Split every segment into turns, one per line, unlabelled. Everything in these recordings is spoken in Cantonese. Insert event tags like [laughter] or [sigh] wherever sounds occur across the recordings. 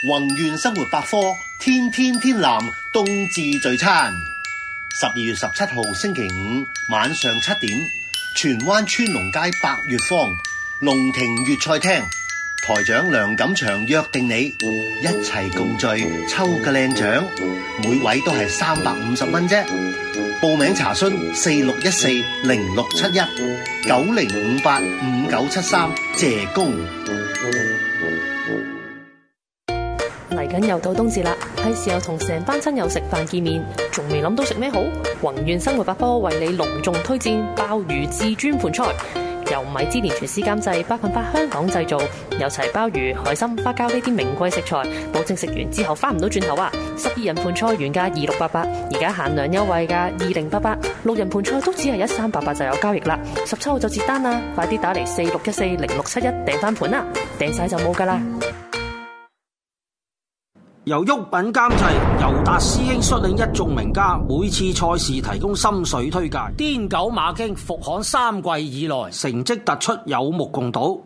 宏願生活百科天天天藍冬至聚餐，十二月十七號星期五晚上七點，荃灣川龍街百月坊龍庭粵菜廳，台長梁錦祥約定你一齊共聚抽個靚獎，每位都係三百五十蚊啫。報名查詢四六一四零六七一九零五八五九七三謝工。緊又到冬至啦，係時候同成班親友食飯見面，仲未諗到食咩好？宏願生活百貨為你隆重推薦鮑魚至尊盤菜，由米芝蓮廚師監製，百分百香港製造，有齊鮑魚、海參、花膠呢啲名貴食材，保證食完之後翻唔到轉頭啊！十二人盤菜原價二六八八，而家限量優惠噶二零八八，六人盤菜都只係一三八八就有交易啦，十七號就截單啦，快啲打嚟四六一四零六七一訂翻盤啦，訂晒就冇噶啦！
由沃品監製，由達師兄率領一眾名家，每次賽事提供心水推介。癲狗馬經復刊三季以來，成績突出，有目共睹。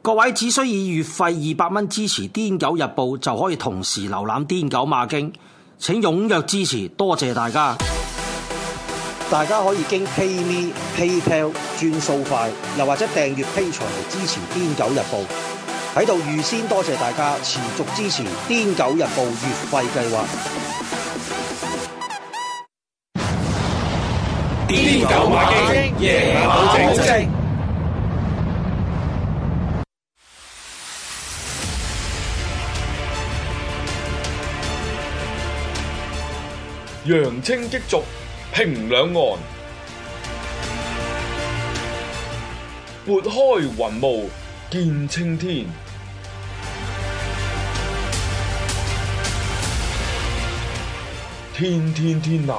各位只需以月費二百蚊支持癲狗日報，就可以同時瀏覽癲狗馬經，請踴躍支持，多謝大家。大家可以經 pay me pay p a l l 轉數快，又或者訂閱 pay 牆嚟支持癲狗日報。喺度預先多謝大家持續支持《癲狗日報月費計劃》。
癲狗買經，夜馬正正，
揚清激濁，平兩岸，撥開雲霧。
見青天，天天天藍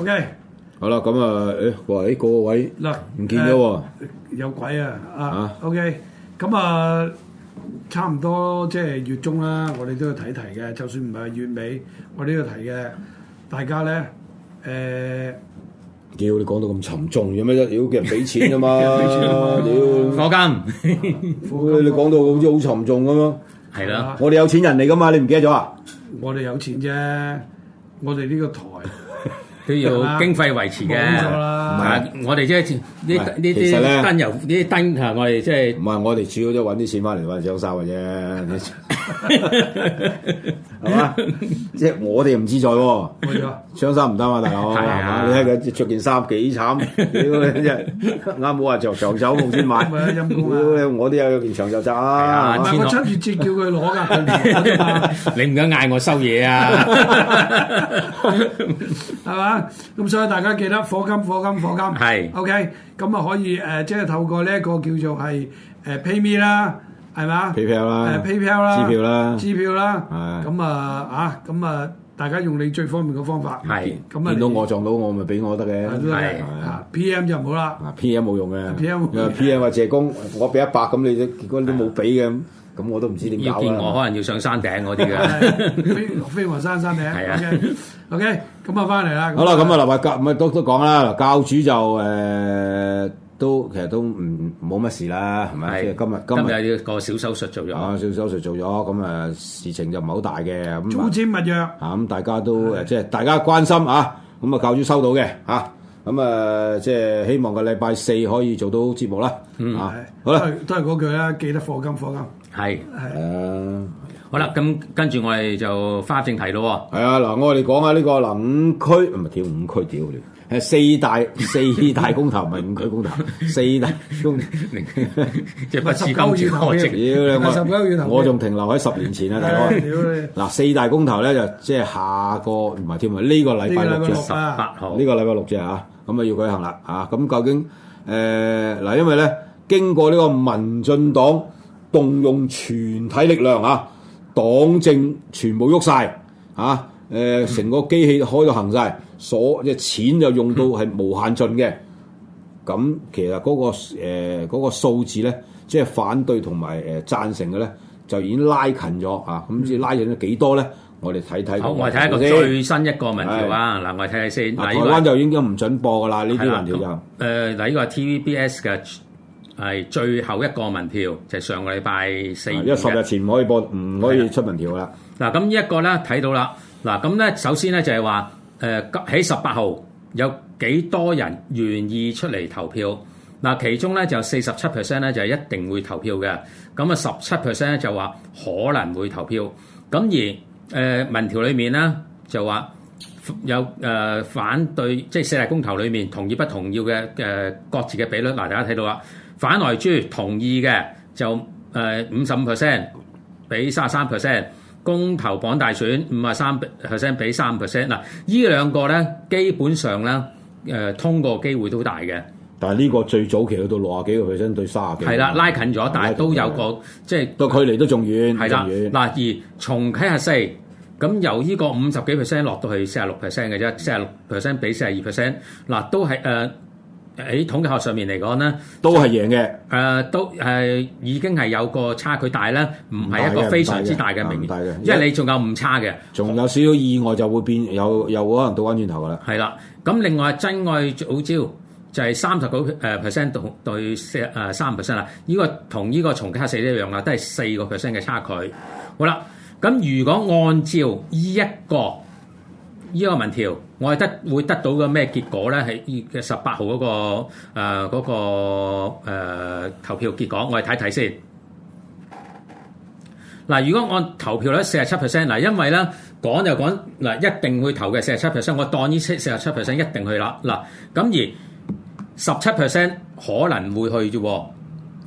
！OK，好啦，咁啊，誒，喂，各位嗱，唔見咗喎，有鬼啊！啊，OK，咁啊，差唔多即係月中啦，我哋都要睇睇嘅，就算唔係月尾，我哋都要睇嘅。大家咧，誒，屌你講到咁沉重，有咩啫？屌叫人俾錢啊嘛！俾錢啊嘛！屌，我間，你講到好似好沉重咁咯，係啦，我哋有錢人嚟噶嘛？你唔記得咗啊？我哋有錢啫，我哋呢個台都要經費維持嘅，
唔係，我哋即係呢呢啲燈油呢啲燈嚇，我
哋即係唔係？我哋主要都揾啲錢翻嚟翻嚟收收嘅啫。係嘛？即係我哋唔自在，冇錯，穿衫唔得啊，大佬。係啊，你睇佢着件衫幾慘，啱好話着長袖先買。我都有件長袖衫啊。唔係我親自叫佢攞噶。你唔敢嗌我收嘢啊？係嘛？咁所以大家記得火金火金火金係。OK，咁啊可以誒，即係透過呢一個叫做係誒 PayMe 啦。係嘛 PayPal 啦，支票啦，支票啦。咁啊，啊，咁啊，大家用你最方便嘅方法。係。咁啊，見到我撞到我，咪俾我得嘅。係。啊，PM 就唔好啦。啊，PM 冇用嘅。PM。啊，PM 話謝工，我俾一百咁你，結果你都冇俾嘅，咁我都唔知點。要見我，可
能要上山頂嗰啲嘅。
飛飛雲山山頂。係啊。OK，咁啊，翻嚟啦。好啦，咁啊，嗱，教咪都都講啦。教主就誒。都其實都唔冇乜事啦，係咪的？今日今日個小手術做咗、啊，小手術做咗，咁、嗯、啊事情就唔係好大嘅。主持人勿擾嚇，咁、啊嗯、大家都誒，即係的大家關心啊，咁、嗯、啊較早收到嘅嚇，咁啊即係希望個禮拜四可以做到節目啦。啊、嗯，好啦吧，都係嗰句啦，記得課金課金係係的的啊。好啦，咁跟住
我哋就返正題
咯。係啊，嗱，我哋講下呢、這個嗱五區唔係跳五區，跳誒四大四大公投唔係 [laughs] 五區公投，四大公。即係 [laughs] [laughs] 不次金主啊！屌你我仲 [laughs] 停留喺十年前啊！大哥，嗱 [laughs] 的四大公投咧就即、是、係下個唔係跳啊呢、這個禮拜六啫，六啊、十八號呢個禮拜六啫嚇，咁啊要舉行啦嚇。咁、啊、究竟誒嗱、呃，因為咧經過呢個民進黨動用全體力量嚇。黨政全部喐晒，啊誒成、呃、個機器開到行晒，所即係錢就用到係無限盡嘅。咁、嗯、其實嗰、那個誒嗰、呃那個、數字咧，即係反對同埋誒贊成嘅咧，就已經拉近咗啊！咁即拉近咗幾多咧？我哋睇睇。好，我睇一個最新一個民調啊！
嗱是、啊，我哋睇睇先。嗱、啊，台灣就
已經唔準播噶啦，呢啲民調就。
誒嗱、呃，呢個係 TVBS 嘅。係最後一個民票，就係上個禮拜四日，因為十日
前唔可以播，唔可以出民票啦。
嗱，咁呢一個咧睇到啦。嗱，咁咧首先咧就係話誒喺十八號有幾多人願意出嚟投票？嗱，其中咧就四十七 percent 咧就係一定會投票嘅。咁啊，十七 percent 咧就話可能會投票。咁而誒民調裏面咧就話有誒反對，即係四大公投裏面同意不同意嘅嘅各自嘅比率。嗱，大家睇到啦。反萊豬同意嘅就誒五十五 percent，比三十三 percent，公投綁大選五十三 percent 比三 percent 嗱，呢兩個咧基本上咧誒、呃、通過機會都大嘅。
但係呢個最早期去到六十幾個 percent 對三十幾，係啦，拉
近咗，但係都有個即係個距離都仲遠，係啦，嗱，而重啟核四咁由呢個五十幾 percent 落到去四十六 percent 嘅啫，四十六 percent 比四十二 percent 嗱都係誒。呃喺統計學上面嚟講咧，都係贏嘅。誒、呃，都係已經係有個差距大咧，唔係一個非常之大嘅名額，大大大因為你仲有誤差嘅，
仲有少少意外就會變有，有可能倒翻轉頭噶啦。係啦、嗯，咁另
外珍愛藻礁就係三十九誒 percent 對四誒三 percent 啦。呢個同呢個重卡四一樣啦，都係四個 percent 嘅差距。好啦，咁如果按照呢、這、一個。呢個民調，我係得會得到個咩結果咧？喺十二月十八號嗰個誒嗰、呃嗰個呃、投票結果，我哋睇睇先。嗱，如果按投票率，四十七 percent，嗱，因為咧講就講，嗱一定會投嘅四十七 percent，我當呢七四十七 percent 一定去啦。嗱，咁而十七 percent 可能會去啫喎。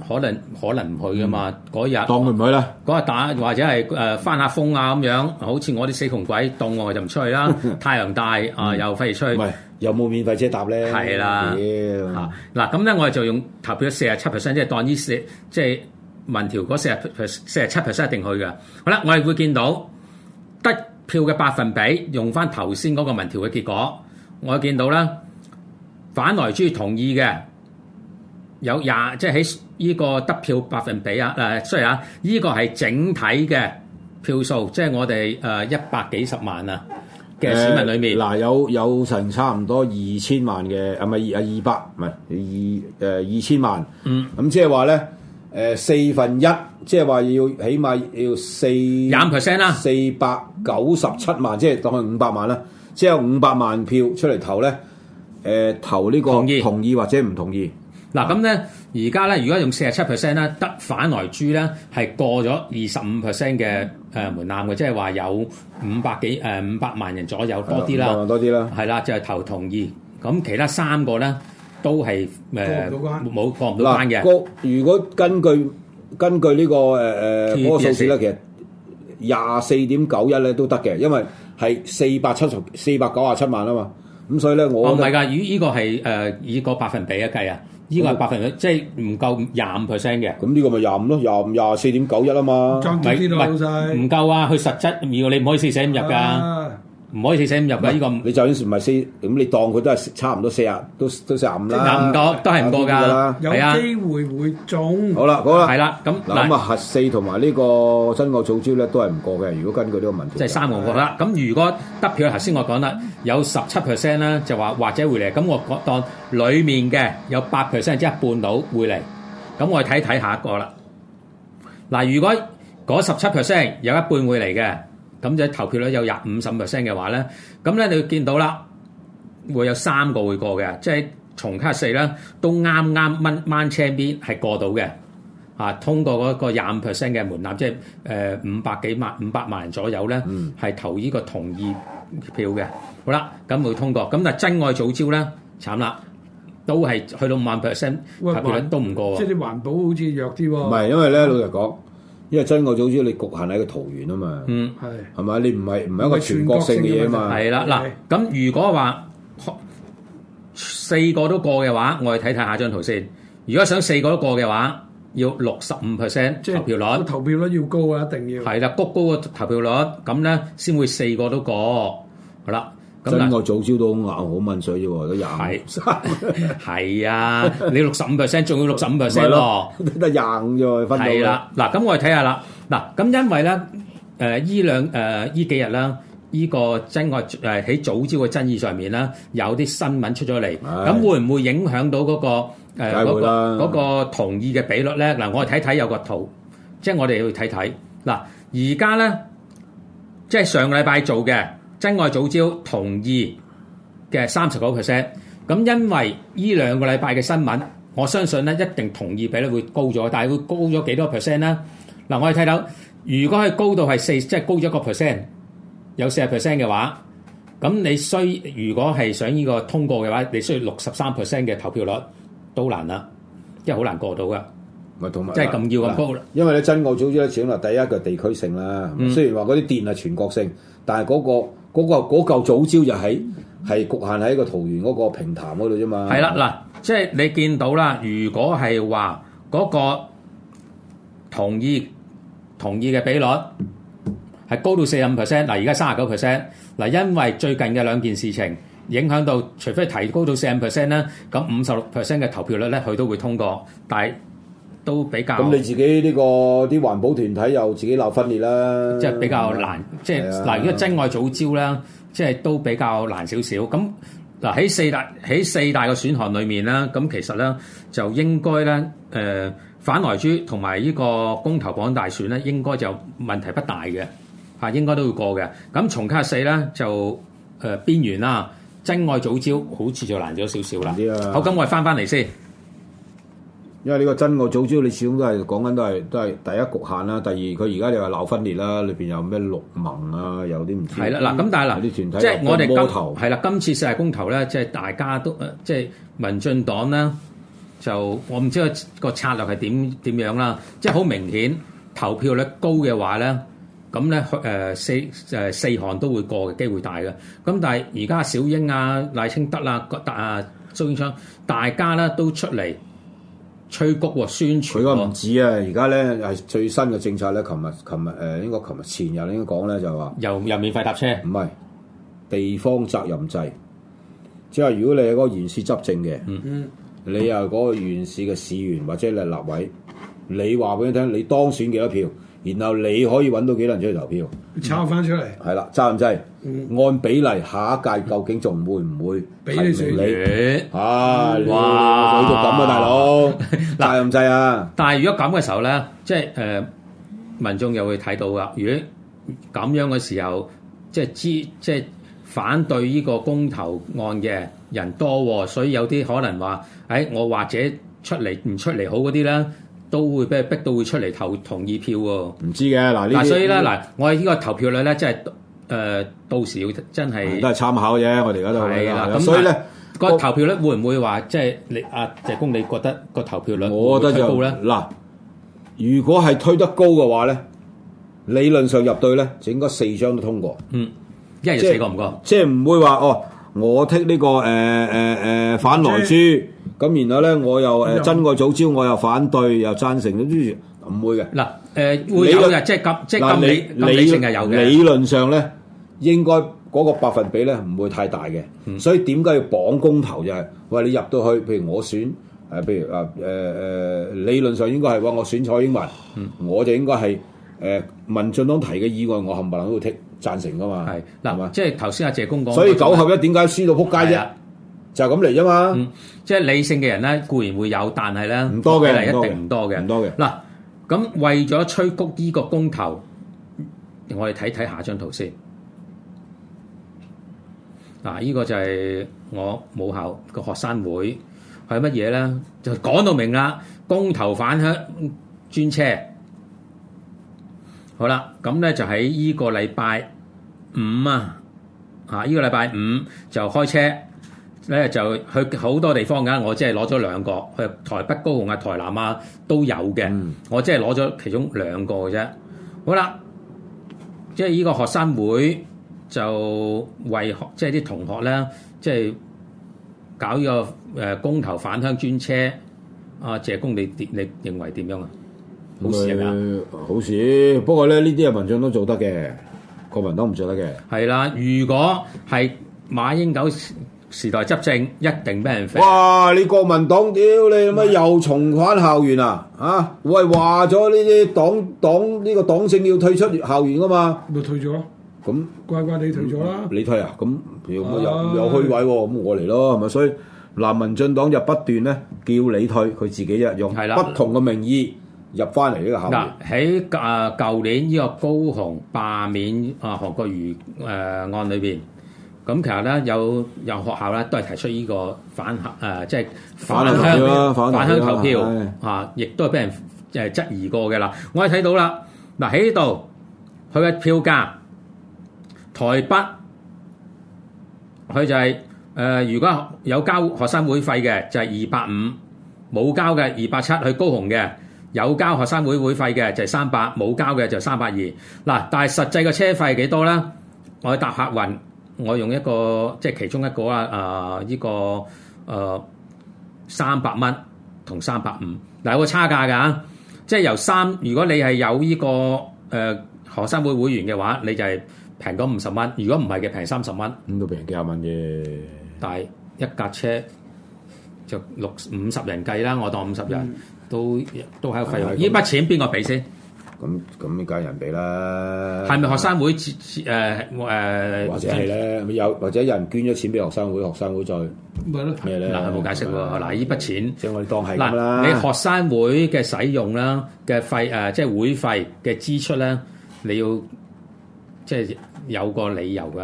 可能可能唔去嘅嘛？嗰日、嗯、天當佢唔去啦。嗰日打或者係誒、呃、翻下風啊咁樣，好似我啲死窮鬼凍我就唔出去啦。 [laughs] 太陽大啊，呃嗯、又費事出去。唔、嗯、
有冇免費車搭咧？係啦的。嚇
嗱咁咧，我哋就用投票、就是、四十七 percent，即係當呢四即係民調嗰四十七 percent 一定去嘅。好啦，我哋會見到得票嘅百分比，用翻頭先嗰個民調嘅結果，我見到啦，反來諸同意嘅。有廿即係喺依個得票百分比啊！誒、呃，雖然啊，呢、呢個係整體嘅票數，即係我哋誒、呃、一百幾十萬啊
嘅市民裏面。嗱、呃呃，有有成差唔多二千萬嘅係咪？係二百唔係二誒二千萬。嗯。咁即係話咧誒四分一，即係話要起碼要四廿五 percent 啦。四百九十七萬，即係當佢五百萬啦。即係五百萬票出嚟投咧，誒投呢、呃投呢個同意，同意或者唔同意。嗱咁咧，而家咧，如果用四十七
percent 咧，得反萊豬咧，係過咗二十五 percent 嘅誒門檻嘅，即係話有五百幾誒五百萬人左右多啲啦，多啲啦，係啦，即係投同意，咁其他三個咧都係誒冇過唔到關嘅、嗰個。
如果根據根據呢、呢個誒誒、呃嗰個數字咧，其實廿四點九一咧都得嘅，因為係四百七十四百九十七萬啊嘛，咁所以咧我唔係㗎，
呢個係誒、呃、以個百分比一計啊。依個係百分率，即係唔夠廿五 percent
嘅。咁呢個咪廿五咯，廿五廿四點九一啊嘛，唔
[music] 夠啊，佢實質
要你唔可以四捨五入㗎。啊。唔可以四捨五入嘅呢是、這個，你就算唔係四，咁你當佢都係差唔多四啊，都都四十五啦。唔是過，都係唔過㗎。有機會會中，啊。好啦，好啦。係啦，咁嗱啊，核四同埋呢個新澳藻礁咧都係唔過嘅。如果根據呢個問題，
即係三個唔過啦。咁，啊，如果得票，頭先我講啦，有十七 percent 啦，就話或者會嚟。咁我當當裡面嘅有八 percent，即係一半到會嚟。咁我哋睇睇下一個啦。嗱，如果嗰十七 percent 有一半會嚟嘅。咁即投票率有廿五、十 percent 嘅話咧，咁咧你見到啦，會有三個會過嘅，即係重卡四咧都啱啱掹掹車邊係過到嘅，啊通過嗰個廿五 percent 嘅門檻，即係誒五百幾萬、五百萬人左右咧，係、嗯、投呢個同意票嘅。好啦，咁會通過。咁但係珍愛藻礁咧，
慘啦，都係去到五萬 percent 投票率都唔過。即係
你環保好似弱啲喎。唔係，因為咧老實
講。因為珍愛藻礁你局限喺個桃園啊嘛，嗯
係，
係咪？你唔係唔係一個全國性嘅嘢嘛？係啦，嗱，
咁了 Okay. 如果話四個都過嘅話，我哋睇睇下張圖先。如果想四個都過嘅話，要六十五 percent，即係投票率，投票率要高啊，一定要係啦，谷高個投票率，咁咧先會四個都過，好啦。珍愛
藻礁都硬，好溫水啫喎，都廿係，
係啊！你六十五 percent，仲要六十五 percent 咯，得
廿五啫喎，分到。係啦，
嗱，咁我哋睇下啦，嗱，咁因為咧，誒依兩誒依幾日咧，依個珍愛誒喺藻礁嘅爭議上面咧，有啲新聞出咗嚟，咁會唔會影響到嗰個誒嗰個嗰個同意嘅比率咧？嗱，我哋睇睇有個圖，即係我哋去睇睇。嗱，而家咧，即係上個禮拜做嘅。真愛早招同意嘅三十九 percent，咁因為呢兩個禮拜嘅新聞，我相信咧一定同意比率會高咗，但係會高咗幾多 percent 咧？嗱、啊，我哋睇到如果係高到係四，即係高咗一個 percent，有四十 percent 嘅話，咁你需如果係想呢個通過嘅話，你需要六十三 percent 嘅投票率都難啦，即係好難過到同埋，即係咁要咁高啦。
因為咧有、啊、珍愛藻礁選啦，第一個地區性啦，嗯、雖然話嗰啲電係全國性，但係嗰、嗰個。嗰個嗰嚿藻礁就喺係侷限喺個桃園嗰個平潭嗰度啫嘛。係啦，嗱，
即係你見到啦。如果係話嗰個同意同意嘅比率係高到四十五 percent，嗱而家三十九 percent，嗱因為最近嘅兩件事情影響到，除非提高到四十五 percent 咧，咁五十六 percent 嘅投票率咧，佢都會通過，但係。都比較咁你自
己呢個啲環保團體又自己鬧分裂啦，即係比較難，即係嗱，如果珍
愛藻礁咧，即係都比較難少少。咁嗱喺四大喺四大嘅選項裏面咧，咁其實咧就應該咧誒、呃、反萊豬同埋呢個公投綁大選咧，應該就問題不大嘅，啊應該都會過嘅。咁重啟核四咧就誒、呃、邊緣啦，珍愛藻礁好似就難咗少少啦。吧好，咁我翻翻嚟先。
因為呢個真我早知到你始終都係講緊都係都係第一侷限啦，第二佢而家又話鬧分裂啦，裏邊有咩綠盟啊，有啲唔知。係啦，嗱咁但係嗱啲團體即係我哋今係啦，今次四大公投咧，即係大家
都誒，即係民進黨咧，就我唔知個個策略係點點樣啦。即係好明顯，投票率高嘅話咧，咁咧誒四誒四項都會過嘅機會大嘅。咁但係而家小英啊、賴清德啦、郭達
啊、蘇永昌，大家咧都出嚟。吹谷喎、啊，宣傳、啊。佢個唔止啊，而家咧係最新嘅政策咧，琴日琴日誒、呃，應該琴日前日咧講咧就話、是，又又免費搭車。唔係地方責任制，即係如果你係嗰個縣市執政嘅，嗯嗯，你又係嗰個縣市嘅市員或者你立委，你話俾佢聽，你當選幾多票？然後你可以揾到幾多人出嚟投票？抄翻出嚟。係啦、嗯，責任制，嗯、按比例下一屆究竟仲會唔會俾你你，你啊、哇！哇！做咁啊，大佬，責任制啊！但係如果
咁嘅時候咧，即係誒、呃、民眾又會睇到啊！如果咁樣嘅時候，即係知即係反對呢個公投案嘅人多、哦，所以有啲可能話，誒、哎、我或者出嚟唔出嚟好嗰啲咧。都會俾逼到會出嚟投同意票喎、哦。唔知嘅嗱呢，嗱、啊、所以咧嗱、啊，我呢個投票率咧，即係誒，到時要真係、啊、都係參考嘅。我哋而家都係啦。咁的所以咧，個
投票率會唔會話我即係你阿、啊、謝公，你覺得個投票率我推高咧？嗱、啊，如果係推得高嘅話咧，理論上入對咧就應該四張都通過。嗯，
一人四個唔
過？即係唔會話哦。我剔呢個誒誒誒反萊豬，咁然後咧我又誒珍愛藻礁，我又反對又贊成，唔會嘅。嗱誒會
有嘅，即係咁即係咁理，理性係有嘅。理
論上咧，應該嗰個百分比咧唔會太大嘅，所以點解要綁公投就係，喂你入到去，譬如我選誒，譬如啊誒誒，理論上應該係話我選蔡英文，我就應該係。誒，民進黨提嘅議案，我冚唪唥都要聽贊成噶嘛。係嗱的吧即係頭先阿謝公講。所以九合一點解輸到撲街啫？是的
就咁嚟啫嘛，嗯。即係理性嘅人咧，固然會有，但係咧，唔多嘅，定一定唔多嘅，唔多嘅。嗱，咁為咗催谷呢個公投，我哋睇睇下張圖先。嗱，啊，呢，這個就係我母校個學生會係乜嘢咧？就講到明啦，公投返鄉專車。好啦，咁咧就喺呢個禮拜五啊，嚇！依個呢個禮拜五就開車咧，就去好多地方噶。我即係攞咗兩個，去台北高雄啊、台南啊都有嘅。嗯、我即係攞咗其中兩個嘅啫。好啦，即係呢個學生會就為學，即係啲同學咧，即係搞呢個誒公投返鄉專車。阿、啊、謝公，你點？你認為點樣啊？好
少，好少。不過咧，呢啲啊民進黨都做得嘅，國民黨唔做得嘅。
係啦，如果係馬英九時代執政，一定俾人飛。哇！
你國民黨屌你乜又重返校園啊？吓、啊，喂，話咗呢啲黨黨呢個黨政要退出校園噶嘛？咪退咗了，咁乖乖地退咗啦、啊嗯。你退啊？咁又又虛位、啊，咁我嚟咯。咁啊，所以南民進黨就不斷咧叫你退，佢自己又用不同嘅名義。入翻嚟呢個
校？嗱，喺啊舊年呢個高雄罷免啊韓國瑜誒、呃、案裏邊，咁其實咧有有學校咧都係提出呢個反校誒、呃，即係反鄉反鄉投票嚇、啊啊啊，亦都係俾人誒質疑過嘅啦。我睇到啦，嗱喺呢度佢嘅票價台北，佢就係、是、誒、呃、如果有交學生會費嘅就係二百五，冇交嘅二百七去高雄嘅。有交學生會會費嘅就係三百，冇交嘅就三百二。嗱，但係實際嘅車費幾多咧？我去搭客運，我用一個即係其中一個啊啊依個誒三百蚊同三百五，嗱、呃、有個差價㗎。即係由三，如果你係有呢、呢個誒、呃、學生會會員嘅話，你就係平咗五十蚊。如果唔係嘅，平三、嗯、十蚊。五都平幾廿蚊嘅，但係一架車就六五十人計啦，我當五十人。嗯都都喺個費用，呢筆錢邊個俾先？咁咁，梗係人俾啦。係咪學生會誒
誒、啊啊？或者係咧，有或者人捐咗錢俾學生會，學生會再咪咯咩咧？嗱，冇解釋嗱，是是呢筆錢即係我哋當係嗱，你學
生會嘅使用啦嘅費誒、啊，即係會費嘅支出咧，你要即係。有個理由噶，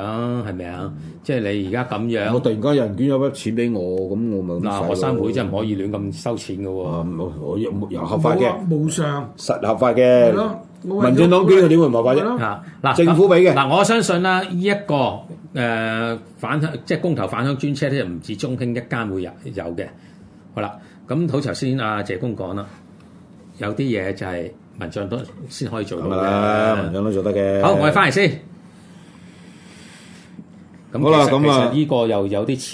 係咪啊？即係你而家咁樣，我突然間有人捐咗筆錢俾我，
咁我咪嗱學生會真係唔可以亂咁收錢嘅。冇上實合法嘅，民進黨捐又點會唔合法啫？嗱，政府俾嘅嗱，我
相信啦，呢一個誒反即係公投反鄉專車咧，唔止中興一間會有有嘅。好啦，咁好頭先阿謝公講啦，有啲嘢就係民進都先可以做到嘅。民進黨做得嘅，好，我哋翻嚟先。好啦，咁啊，依個又有啲似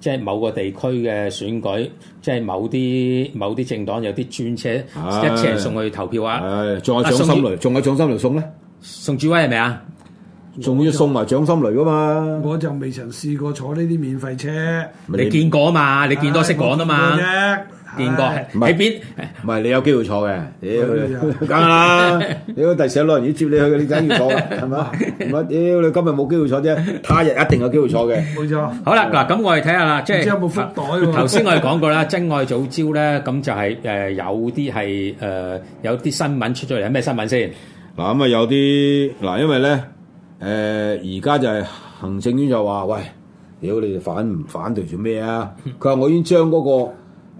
即係某個地區嘅選舉，即係某啲某啲政黨有啲專車一車送去
投票啊！誒，仲有掌心雷，仲有掌心雷送咧？宋志威係咪啊？仲要送埋掌心雷噶嘛？我就未曾試過坐呢啲免費車，你見過啊嘛？你見多識講啊嘛？見過唔係邊？唔係你有機會坐嘅，屌梗啦！如果第時有攞人嚟接你去，你梗要坐啦，係嘛？唔係屌你今日冇機會坐啫，他日一定有機會坐嘅。
冇錯。好啦，嗱咁我哋睇下啦，即係有冇福袋呀？頭先我哋講過啦，珍愛藻礁咧，咁就係誒有啲係誒
有啲新聞出咗嚟，咩新聞先？嗱咁啊有啲嗱，因為咧誒而家就係行政院就話喂，屌你哋反唔反對做咩啊？佢話我已經將嗰個。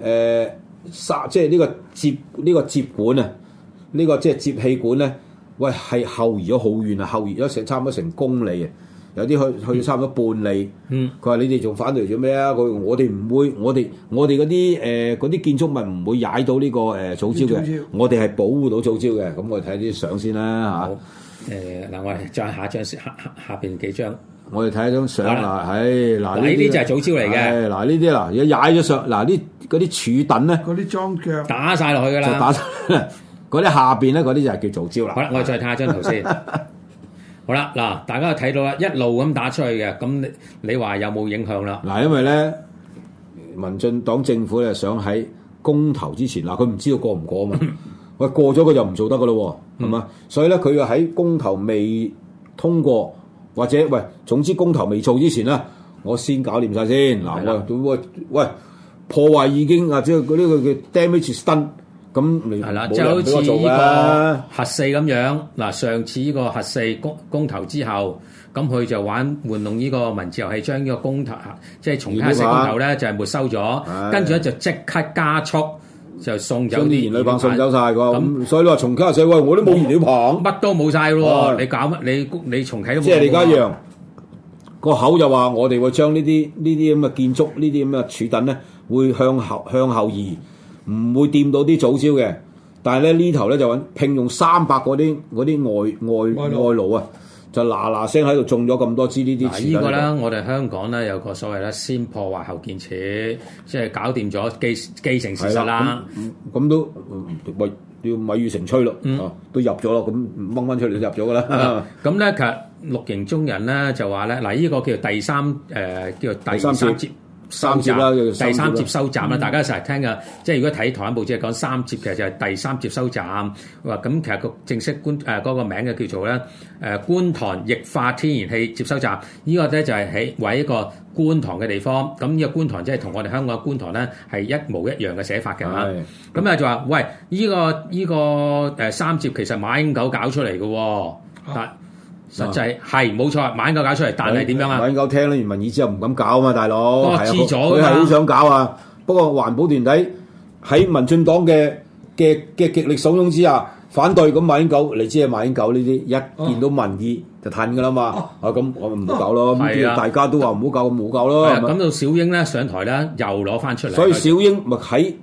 誒，沙即係呢個接呢個接管啊，呢、這個即係接氣管咧，喂係後移咗好遠啊，後移咗成差唔多成公里啊，有啲去去差唔多半里。嗯，佢話你哋仲反對做咩啊？佢我哋唔會，我哋我哋嗰啲誒啲建築物唔會踩到呢、這個誒藻礁嘅，呃、我哋係保護到藻礁嘅。咁我哋睇啲相先啦嚇。好，嗱、呃、我哋再下張，下下下邊幾張。我哋睇一張相啦，唉的，嗱呢啲就係藻礁嚟嘅。嗱呢啲啦，如果踩咗上，嗱呢啲柱墩咧，嗰啲樁腳打
晒落去噶啦，就打
嗰啲下邊咧，嗰 [laughs] 啲就係叫做藻礁啦。好啦，我哋再睇下張圖先。
[laughs] 好啦，嗱，大家睇到啦，一路咁打出去嘅，咁你你話有冇影響啦？
嗱，因為咧，民進黨政府咧想喺公投之前，嗱佢唔知道過唔過啊嘛，喂 [laughs] 過咗佢就唔做得噶啦，係嘛，所以咧佢要喺公投未通過。 [laughs] [laughs] 嗯或者喂，總之公投未做之前啦，我先搞掂晒先。嗱的，我喂，喂，喂，喂破壞已經或者嗰呢個叫 damage done 咁係啦，的就好似呢個核四咁樣。嗱、
啊，上次呢個核四公公投之後，咁佢就玩玩弄呢個文字遊戲，將呢個公投即係重啓式公投咧，就係、是、沒收咗，的跟住咧就即刻加速。就送走啲燃料棒，送走晒㗎，咁
那、嗯、所以你話重啟社，喂，我都冇燃料棒，乜都冇晒咯，你
搞乜？你重啟你重啟都冇。即係你而家一樣，
個口就話我哋會將呢啲呢啲咁嘅建築，呢啲咁嘅柱墩咧，會向後向後移，唔會掂到啲藻礁嘅。但係咧呢頭咧就揾聘用三百嗰啲啲外外外勞勞啊。就嗱嗱聲喺度種咗咁多枝呢啲呢啦。呢個咧，我
哋香港咧有個所謂咧，先破壞後建設，即係搞
掂咗既既成事實啦。咁都咪，要米已成炊咯，都、嗯嗯嗯、入咗咯，咁掹翻出嚟入咗㗎啦。咁、嗯、咧其實綠
營中人咧就話咧，嗱、這、呢個叫做第三誒、呃、叫做第三節。三接啦，第三接收站啦。大家成日聽嘅，即係如果睇台灣報紙講三接，其實就係第三接收站。話咁、嗯、其實，其實個正式官誒嗰、呃那個名嘅叫做咧誒觀塘液化天然氣接收站。這個、呢個咧就係喺位一個觀塘嘅地方。咁呢個觀塘即係同我哋香港嘅觀塘咧係一模一樣嘅寫法嘅。咁啊的就話喂，呢、這個呢、這個誒、呃、三接其實馬英九搞出嚟嘅。係、啊。實際係
冇錯，馬英九搞出嚟，但係點樣啊？馬英九聽咗民意之後唔敢搞嘛，大佬。係啊，佢係好想搞啊。不過環保團體喺民進黨嘅嘅嘅極力慫恿之下，反對咁馬英九，你知係？馬英九呢啲一見到民意就褪噶啦嘛。啊，咁我咪唔好搞咯。咁啲大家都話唔好搞，冇搞囉。咁到小英咧上台咧，又攞翻出嚟。所以小英咪喺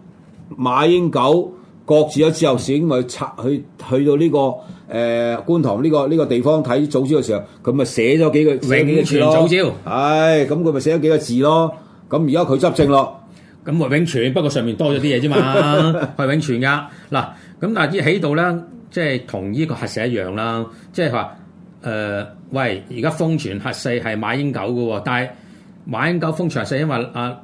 馬英九擱置咗之後，小英咪拆去去到呢個。誒觀塘呢個呢個地方睇藻礁嘅時候，佢咪寫咗幾個永永藻礁，係咁佢咪寫咗幾個字咯。咁而家佢執政咯，咁魏永全不過上面多咗啲嘢啫嘛。魏永全噶嗱，咁
但係啲起到咧，即係同呢個核四一樣啦。即係話誒，喂，而家封存核四係馬英九嘅喎，但係馬英九封存核四，因為阿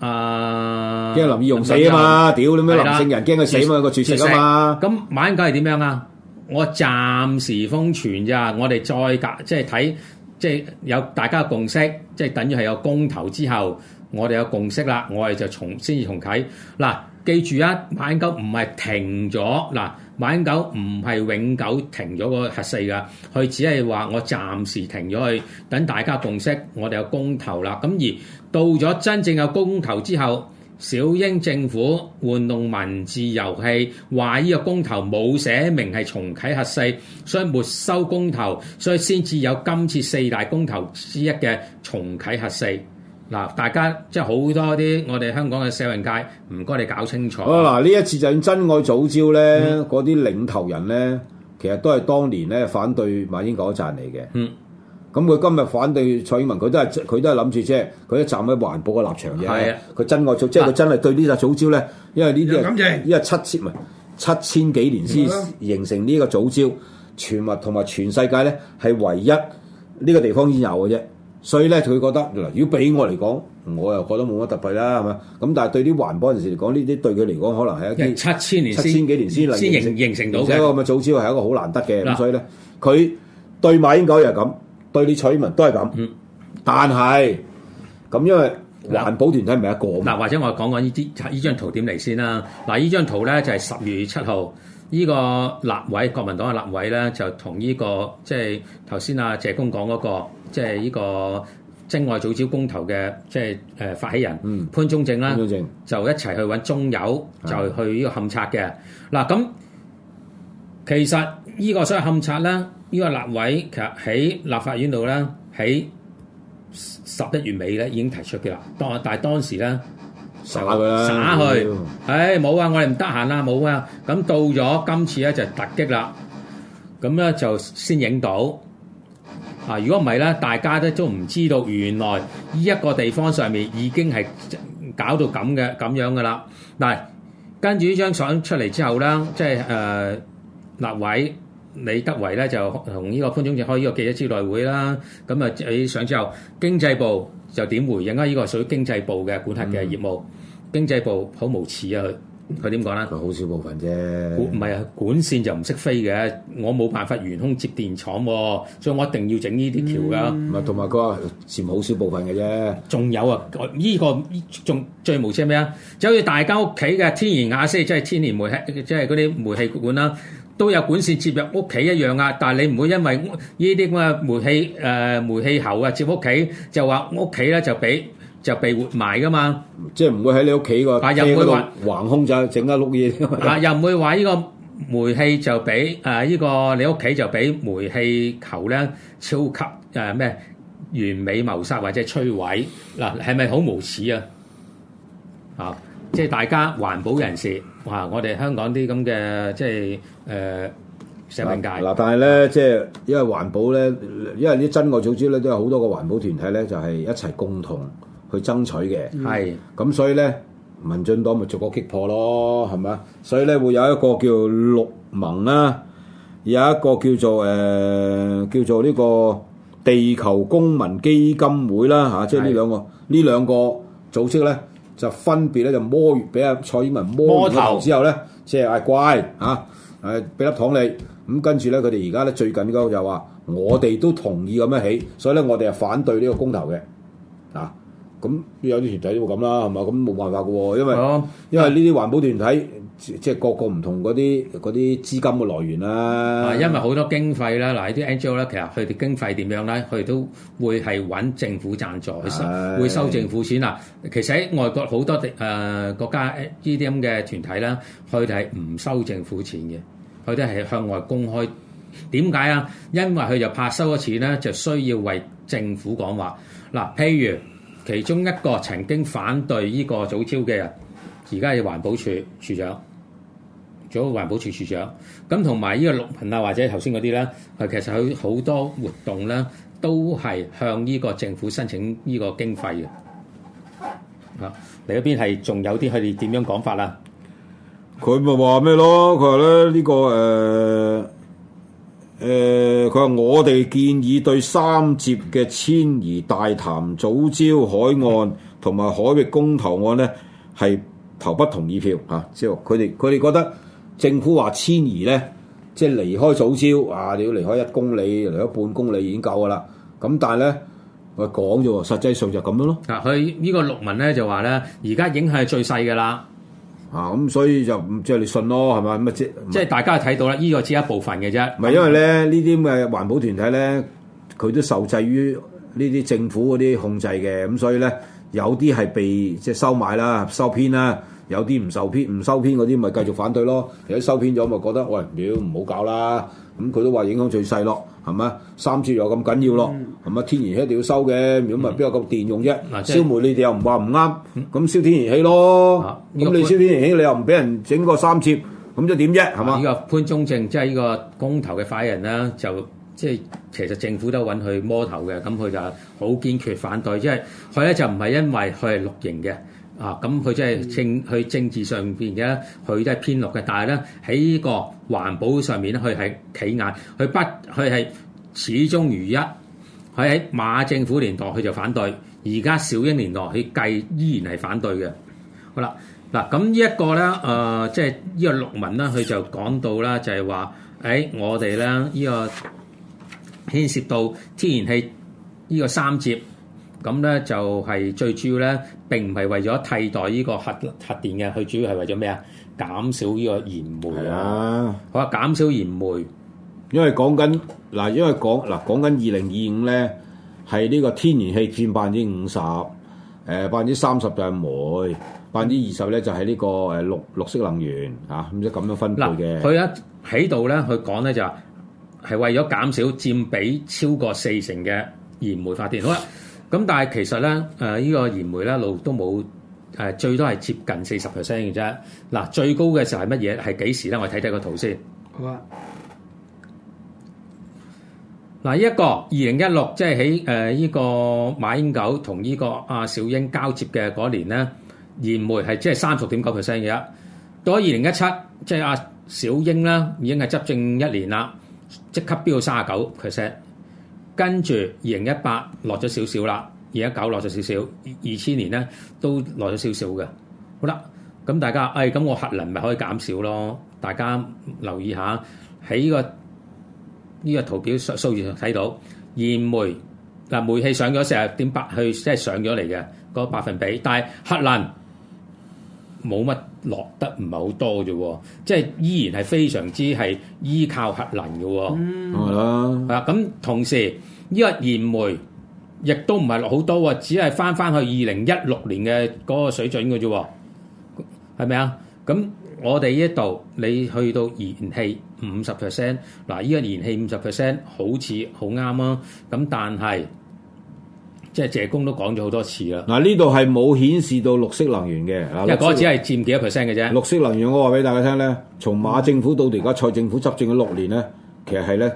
阿驚林義雄死啊嘛，屌你咩林正仁驚佢死嘛，個措施啊嘛。咁馬英九係點樣啊？我暫時封存咋？我哋再隔，即係睇，即係有大家共識，即係等於係有公投之後，我哋有共識啦，我哋就重先至重啟。嗱，記住啊，馬英九唔係停咗，嗱，馬英九唔係永久停咗個核四㗎，佢只係話我暫時停咗去，等大家共識，我哋有公投啦。咁而到咗真正有公投之後。小英政府玩弄文字遊戲，話呢個公投冇寫明係重啟核四，所以沒收公投，所以先至有今次四大公投之一嘅重啟核四。嗱，大家即係好多啲我哋香港嘅社運界，唔該你搞清楚。嗱，呢
一次就用珍愛藻礁咧，嗰啲、嗯、領頭人咧，其實都係當年咧反對馬英九一陣嚟嘅。嗯。咁佢今日反對蔡英文，佢都係佢都係諗住啫。佢都站喺環保嘅立場嘅。佢、啊、珍愛藻，即係佢真係對呢個藻礁咧。因為呢啲，就是、因為七千萬、七千幾年先形成呢個藻礁，全物同埋全世界咧係唯一呢個地方先有嘅啫。所以咧，佢覺得嗱，如果俾我嚟講，我又覺得冇乜特別啦，係嘛？咁但係對啲環保人士嚟講，呢啲對佢嚟講，可能係一啲七千年、七千幾年先先形
成，形成到嘅。而且咁
嘅藻礁係一個好難得嘅。咁、嗯、所以咧，佢對馬英九又係咁。對啲取民都係咁，嗯、但係咁，因為環保團體唔係一個。嗱、
嗯，或者我講講呢啲依張圖點嚟先啦、啊。嗱、啊，呢張圖咧就係、是、十月七號，呢、這個立委國民黨嘅立委咧就同呢個即係頭先阿謝公講嗰個，即係呢、啊那個珍愛藻礁公投嘅，即係誒、呃、發起人潘忠政啦、嗯，就一齊去揾中油就去呢個勘察嘅。嗱咁、嗯嗯嗯，其實呢個所謂勘察咧。呢個立委其實喺立法院度咧，喺十一月尾咧已經提出嘅啦。當但係當時咧，撒佢啦，撒佢，唉冇啊，我哋唔得閒啦，冇啊。咁到咗今次咧就突擊啦，咁咧就先影到。啊，如果唔係咧，大家都都唔知道原來呢一個地方上面已經係搞到咁嘅咁樣嘅啦。但係，跟住呢張相出嚟之後咧，即係誒立委。李德維咧就同呢個潘總召開呢個記者招待會啦，咁啊喺上之後，經濟部就點回應啊？呢個屬於經濟部嘅管轄嘅業務，嗯、經濟部好無恥啊！佢佢點講咧？佢好少部分啫，唔係啊，管線就唔識飛嘅，我冇辦法懸空接電廠，啊，所以我一定要整呢啲橋噶。唔係、嗯，同埋個事務好少部分嘅啫。仲有啊，呢、呢個仲最無恥咩啊？就好似大家屋企嘅天然瓦斯，即係天然煤氣，即係嗰啲煤氣管啦。都有管線接入屋企一樣啊，但係你唔會因為呢啲咁嘅煤氣誒、呃、煤氣喉啊接屋企，就話屋企咧就俾就俾活埋噶嘛？即係唔會喺你屋企個車嗰度橫空就整一碌嘢。啊，又唔會話呢、啊啊、個煤氣就俾誒呢個你屋企就俾煤氣喉咧超級誒咩、啊、完美謀殺或者摧毀嗱，係咪好無恥啊？啊！即係大家環保人士嚇，我哋香港啲咁嘅即係誒社民界嗱，但
係咧即係因為環保咧，因為啲珍愛組織咧都有好多個環保團體咧，就係、是、一齊共同去爭取嘅，係咁、嗯、所以咧民進黨咪逐個擊破咯，係咪啊？所以咧會有一個叫做綠盟啦，有一個叫做誒、呃、叫做呢個地球公民基金會啦吓、啊，即係呢兩個呢的兩個組織咧。就分別咧就摸月，俾阿蔡英文摸頭之後咧，即係嗌乖，嚇、啊，誒俾粒糖你，咁跟住咧佢哋而家咧最近嗰個就話，我哋都同意咁樣起，所以咧我哋係反對呢個公投嘅，啊，咁有啲團體都會咁啦，係嘛？咁冇辦法嘅喎，因為、啊、因為呢啲環保團體。即係各個唔同嗰啲啲資金嘅來源啦。
啊，因為好多經費啦，嗱，呢啲 NGO 咧，其實佢哋經費點樣咧，佢哋都會係揾政府贊助，佢收的會收政府錢啦。其實喺外國好多誒、呃、國家依啲咁嘅團體啦，佢哋係唔收政府錢嘅，佢哋係向外公開。點解啊？因為佢就怕收咗錢咧，就需要為政府講話。嗱，譬如其中一個曾經反對呢個藻礁嘅人，而家係環保署署長。做個環保署署長，咁同埋呢個綠羣啊，或者頭先嗰啲咧，啊，其實佢好多活動咧，都係向呢個政府申請呢個經費嘅。啊，你嗰邊係仲有啲佢哋點樣講法啦、
啊？佢咪話咩咯？佢話咧，呢、這個誒誒，佢、呃、話、呃、我哋建議對三接嘅遷移大潭藻礁海岸同埋海域公投案咧，係投不同意票啊！即係佢哋佢哋覺得。政府話遷移咧，即係離開藻礁啊！你要離開一公里，離開半公里已經夠噶啦。咁但係咧，我講咗喎，實際上就咁樣咯。
啊，佢呢個綠文咧就話咧，而家影響係最細噶啦。啊，咁、嗯、所以就唔即係你信咯，係咪咁啊？即即係大家睇到啦，呢、呢個只一部分嘅啫。唔係因為咧，
呢啲咁嘅環保團體咧，佢都受制於呢啲政府嗰啲控制嘅，咁、嗯、所以咧有啲係被即係收買啦、收編啦。有啲唔收編唔收編嗰啲咪繼續反對咯，有啲收編咗咪覺得喂，屌唔好搞啦，咁佢都話影響最細咯，係咪三接又咁緊要咯，咁咪、嗯？天然氣一定要收嘅，咁咪邊有咁電用啫？啊、燒煤你哋又唔話唔啱，咁、嗯、燒天然氣咯，咁、啊、你燒天然氣你又唔俾人整個三接，咁即係點啫？係嘛？呢個
潘忠政，即係呢個公投嘅法人啦，就即係其實政府都揾佢摸頭嘅，咁佢就好堅決反對，即係佢咧就唔、是、係因為佢係綠營嘅。啊，咁佢即係政，佢政治上邊嘅，佢都係偏綠嘅。但係咧，喺呢個環保上面佢係企硬，佢不，佢係始終如一。佢喺馬政府年代佢就反對，而家小英年代佢計依然係反對嘅。好啦，嗱咁呢一個咧，誒、呃、即係呢、哎呢這個綠民咧，佢就講到啦，就係話，誒我哋咧呢個牽涉到天然氣呢個三接。咁咧就係最主要咧，並唔係為咗替代呢個核核電嘅，佢主要係為咗咩啊？減少呢個燃煤。係啊。
好啊，減少燃煤，因為講緊嗱，因為講嗱，講緊二零二五咧，係呢個天然氣佔百分之五十，誒百分之三十就係煤，百分之二十咧就係呢個誒綠綠色能源嚇，咁即係咁樣分配嘅。嗱，佢一
喺度咧，佢講咧就係為咗減少佔比超過四成嘅燃煤發電。好啊。咁但係其實咧，誒依個燃煤咧路都冇，誒最多係接近四十 percent 嘅啫。嗱最高嘅時候係乜嘢？係幾時咧？我睇睇個圖先。
好
啊。嗱依一個二零一六，即係喺誒依個馬英九同依個阿小英交接嘅嗰年咧，燃煤係即係三十點九 percent 嘅。到咗二零一七，即係阿小英啦，已經係執政一年啦，即刻飆到三十九 percent。跟住二零一八落咗少少啦，二一九落咗少少，二千年咧都落咗少少嘅。好啦，咁大家，哎，咁我核能咪可以減少咯？大家留意下喺呢個呢個圖表數數字上睇到，燃煤嗱煤氣上咗成日點八，去，即係上咗嚟嘅個百分比，但係核能，冇乜落得唔係好多啫，即係依然係非常之係依靠核能嘅，咁咪啦。咁的、嗯、同時呢、呢個燃煤亦都唔係落好多喎，只係翻翻去二零一六年嘅嗰個水準嘅啫，係咪啊？咁我哋呢度你去到燃氣五十 percent，嗱，依、呢個燃氣五十 percent 好似好啱啊，咁但係。即係謝工都講咗好多次
啦。嗱、啊，呢度係冇顯示到綠色能源嘅，因為嗰只係佔幾多 percent 嘅啫。綠色能源，我話俾大家聽咧，從馬政府到而家蔡政府執政嘅六年咧，其實係咧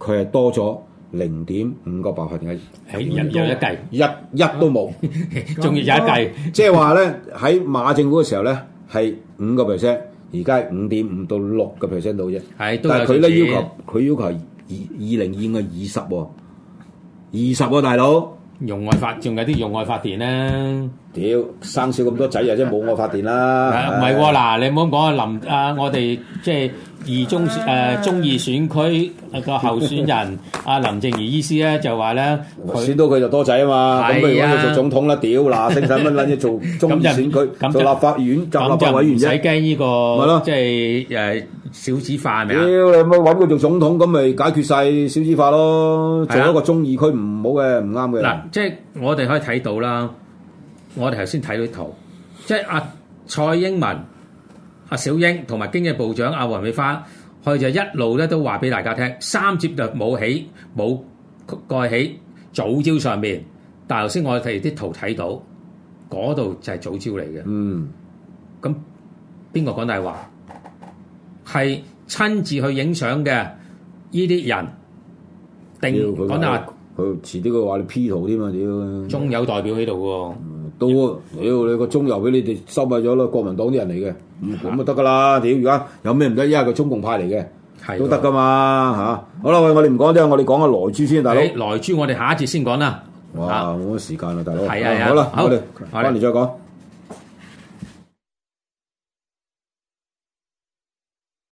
佢係多咗零點五個百分嘅，係一有一計一一都冇，
仲、啊、要有一
計。即係話咧，喺、啊、馬政府嘅時候咧係五個 percent，而家係五點五到六個 percent 到啫。係、哎，都但係佢咧要求佢要求二二零二嘅二十喎，
二十喎，大佬。用愛發，仲有啲用愛發電咧。
屌，生少咁多仔啊！即係冇愛發電啦。唔係喎，嗱、 [music] 啊哎，
你唔好講阿林啊， [laughs] uh, 我哋即係二中誒中二選區個候選人阿林靜儀醫師咧，就話咧，
選到佢就多仔啊嘛。咁不如佢做總統啦。屌，嗱，剩曬乜撚嘢做？中二選區做立法院執 [music] 法委員啫。唔使驚呢個，即係誒。就
是對 少子化未？
屌你冇揾佢做總統，咁咪解決晒少子化咯！啊、做一個中意佢唔好嘅，唔啱嘅。嗱，
即係我哋可以睇到啦，我哋頭先睇到啲圖，即係阿蔡英文、阿小英同埋經濟部長阿王美花，佢就一路咧都話俾大家聽，三接就冇起，冇蓋起藻礁上面，但係頭先我哋睇啲圖睇到，嗰度就係藻礁嚟嘅。嗯，咁邊個講大話？係親
自去影相嘅呢啲人，定講啊，佢遲啲佢話你 P 圖添嘛，屌，中油代表喺度喎，都，屌你個中油俾你哋收買咗咯，國民黨啲人嚟嘅，咁就得噶啦，屌而家有咩唔得？一係個中共派嚟嘅，
都得噶
嘛吓，好啦，喂，我哋唔講啲，我哋講下萊豬先，大佬，
萊豬，我哋下一節先講啦。哇，冇乜時間啦，大佬，係啊，好啦，好嘅，翻嚟再講。